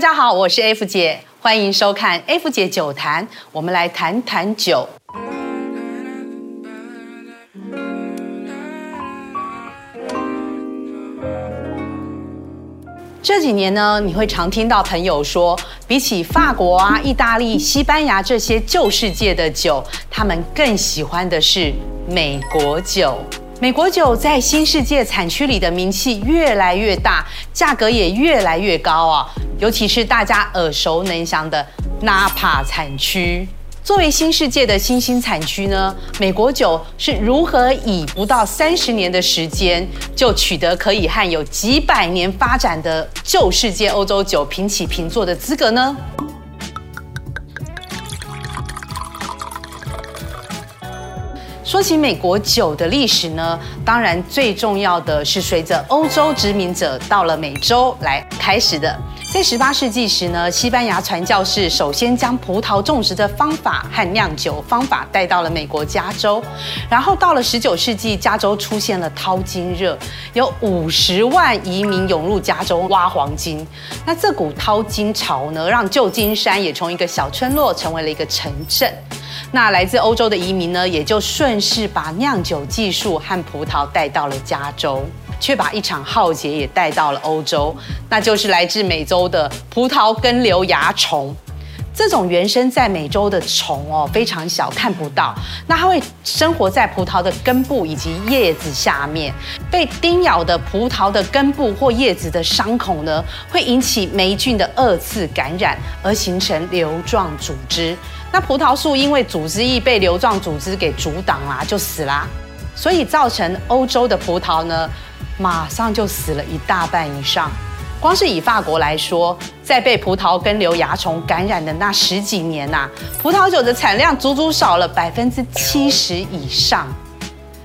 大家好，我是 F 姐，歡迎收看 F 姐酒談。我們來談談酒。這幾年呢，你會常聽到朋友說，比起法國啊、意大利、西班牙這些舊世界的酒，他們更喜歡的是美國酒。美國酒在新世界產區裡的名氣越來越大，價格也越來越高啊！尤其是大家耳熟能詳的 NAPA 產區，作為新世界的新興產區呢，美國酒是如何以不到三十年的時間就取得可以和有幾百年發展的舊世界歐洲酒平起平坐的資格呢？說起美國酒的歷史呢，當然最重要的是隨着歐洲殖民者到了美洲來開始的。在十八世紀時呢，西班牙傳教士首先將葡萄種植的方法和釀酒方法帶到了美國加州。然後到了十九世紀，加州出現了淘金熱，有五十萬移民湧入加州挖黃金。那這股淘金潮呢，讓舊金山也從一個小村落成為了一個城鎮。那來自歐洲的移民呢，也就順勢把釀酒技術和葡萄帶到了加州，卻把一場浩劫也帶到了歐洲，那就是來自美洲的葡萄根瘤蚜蟲，這種原生在美洲的蟲哦，非常小，看不到。那它會生活在葡萄的根部以及葉子下面，被叮咬的葡萄的根部或葉子的傷口呢，會引起黴菌的二次感染，而形成瘤狀組織。那葡萄樹因為組織液被瘤狀組織給阻擋啦，就死啦。所以造成歐洲的葡萄呢，馬上就死了一大半以上。光是以法國來說，在被葡萄根瘤蚜蟲感染的那十幾年吶、啊，葡萄酒的產量足足少了百分之七十以上。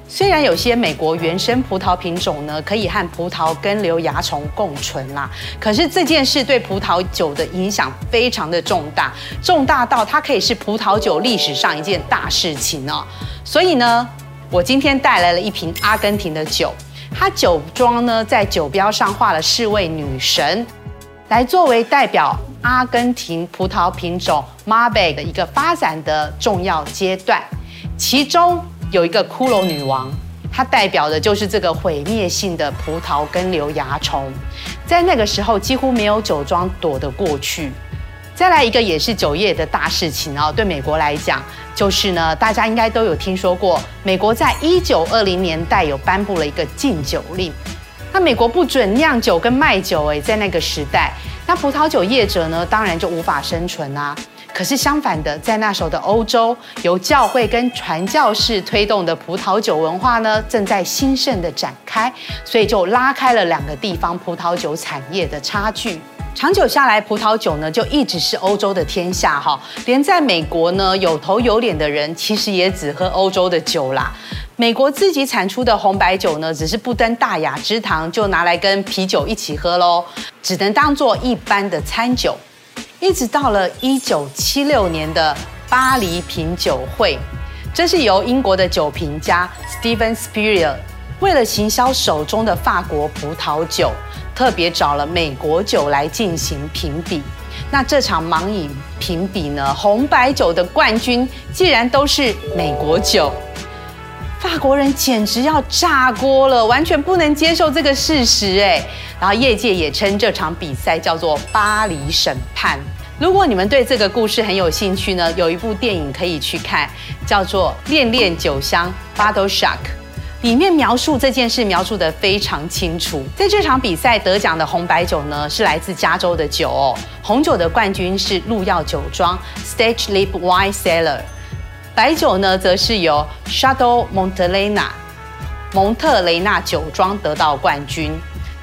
雖然有些美國原生葡萄品種呢可以和葡萄根瘤蚜蟲共存啦、啊，可是這件事對葡萄酒的影響非常的重大，重大到它可以是葡萄酒歷史上一件大事情哦、啊。所以呢，我今天帶來了一瓶阿根廷的酒。他酒莊呢，在酒標上畫了四位女神，來作為代表阿根廷葡萄品種馬貝的一個發展的重要階段。其中有一個骷髏女王，她代表的就是這個毀滅性的葡萄根瘤蚜蟲，在那個時候幾乎沒有酒莊躲得過去。再來一個也是酒業的大事情哦、啊，對美國來講，就是呢，大家應該都有聽說過，美國在一九二零年代有頒布了一個禁酒令，那美國不准釀酒跟賣酒、欸，哎，在那個時代，那葡萄酒業者呢，當然就無法生存啊。可是相反的，在那時候的歐洲，由教會跟傳教士推動的葡萄酒文化呢，正在興盛的展開，所以就拉開了兩個地方葡萄酒產業的差距。長久下來，葡萄酒呢就一直是歐洲的天下哈。連在美國呢，有頭有臉的人其實也只喝歐洲的酒啦。美國自己產出的紅白酒呢，只是不登大雅之堂，就拿來跟啤酒一起喝嘍，只能當做一般的餐酒。一直到了一九七六年的巴黎品酒會，這是由英國的酒評家 Steven Spurrier 為了行銷手中的法國葡萄酒。特別找了美國酒來進行評比，那這場盲飲評比呢，紅白酒的冠軍既然都是美國酒，法國人簡直要炸鍋了，完全不能接受這個事實哎。然後業界也稱這場比賽叫做“巴黎審判”。如果你們對這個故事很有興趣呢，有一部電影可以去看，叫做《戀戀酒香》（Bottle s h a c k 裡面描述這件事描述得非常清楚。在這場比賽得獎的紅白酒呢，是來自加州的酒哦。紅酒的冠軍是鹿躍酒莊 （Stag's Leap Wine Cellars），白酒呢，則是由 Shadow Montelena 蒙特雷娜酒莊得到冠軍。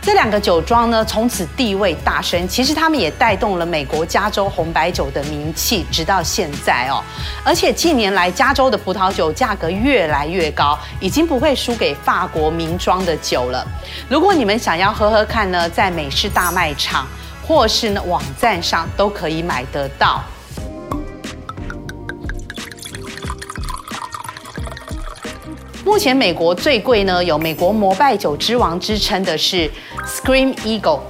這兩個酒莊呢，從此地位大升。其實他們也帶動了美國加州紅白酒的名氣，直到現在哦。而且近年來加州的葡萄酒價格越來越高，已經不會輸給法國名莊的酒了。如果你們想要喝喝看呢，在美式大賣場或是呢網站上都可以買得到。目前美國最貴呢，有美國膜拜酒之王之稱的是 Scream Eagle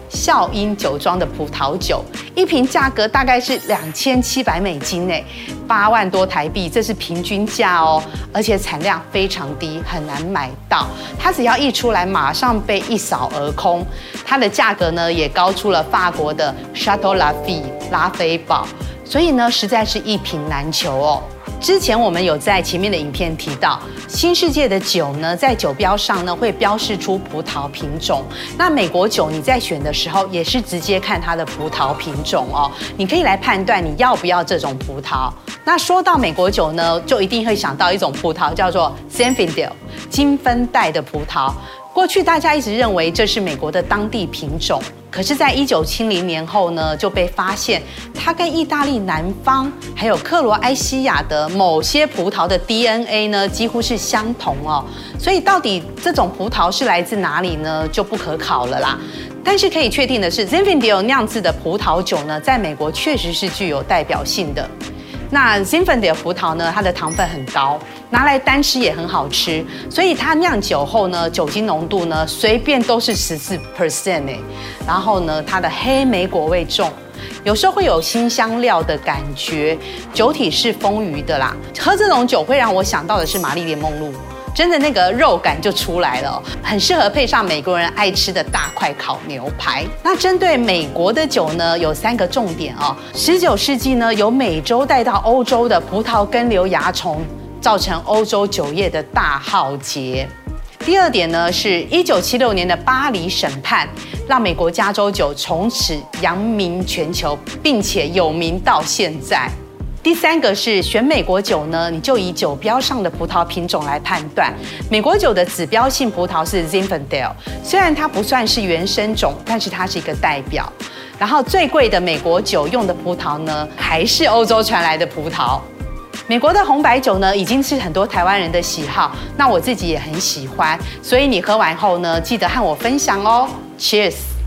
嘯鷹酒莊的葡萄酒，一瓶價格大概是兩千七百美金誒，八萬多台幣，這是平均價哦，而且產量非常低，很難買到。它只要一出來，馬上被一掃而空。它的價格呢，也高出了法國的 Château Lafite 拉菲堡，所以呢，實在是一瓶難求哦。之前我們有在前面的影片提到，新世界的酒呢，在酒標上呢會標示出葡萄品種。那美國酒你在選的時候，也是直接看它的葡萄品種哦，你可以來判斷你要不要這種葡萄。那說到美國酒呢，就一定會想到一種葡萄，叫做 z e n f i n d e l 金分帶的葡萄）。過去大家一直認為這是美國的當地品種，可是，在一九七零年後呢，就被發現它跟意大利南方還有克羅埃西亞的某些葡萄的 DNA 呢，幾乎是相同哦。所以，到底這種葡萄是來自哪裡呢？就不可考了啦。但是可以確定的是，Zinfandel 釀製的葡萄酒呢，在美國確實是具有代表性的。那 Zinfandel 葡萄呢，它的糖分很高。拿來單吃也很好吃，所以它釀酒後呢，酒精濃度呢隨便都是十四 percent 哎，然後呢，它的黑莓果味重，有時候會有辛香料的感覺，酒體是豐腴的啦。喝這種酒會讓我想到的是瑪麗蓮夢露，真的那個肉感就出來了哦，很適合配上美國人愛吃的大塊烤牛排。那針對美國的酒呢，有三個重點哦。十九世紀呢，由美洲帶到歐洲的葡萄根瘤蚜蟲，造成歐洲酒業的大浩劫。第二點呢，是一九七六年的巴黎審判，讓美國加州酒從此揚名全球，並且有名到現在。第三個是選美國酒呢，你就以酒標上的葡萄品種來判斷。美國酒的指標性葡萄是 Zinfandel，雖然它不算是原生種，但是它是一個代表。然後最貴的美國酒用的葡萄呢，還是歐洲傳來的葡萄。美國的紅白酒呢，已經是很多台灣人的喜好。那我自己也很喜歡，所以你喝完後呢，記得和我分享哦。Cheers。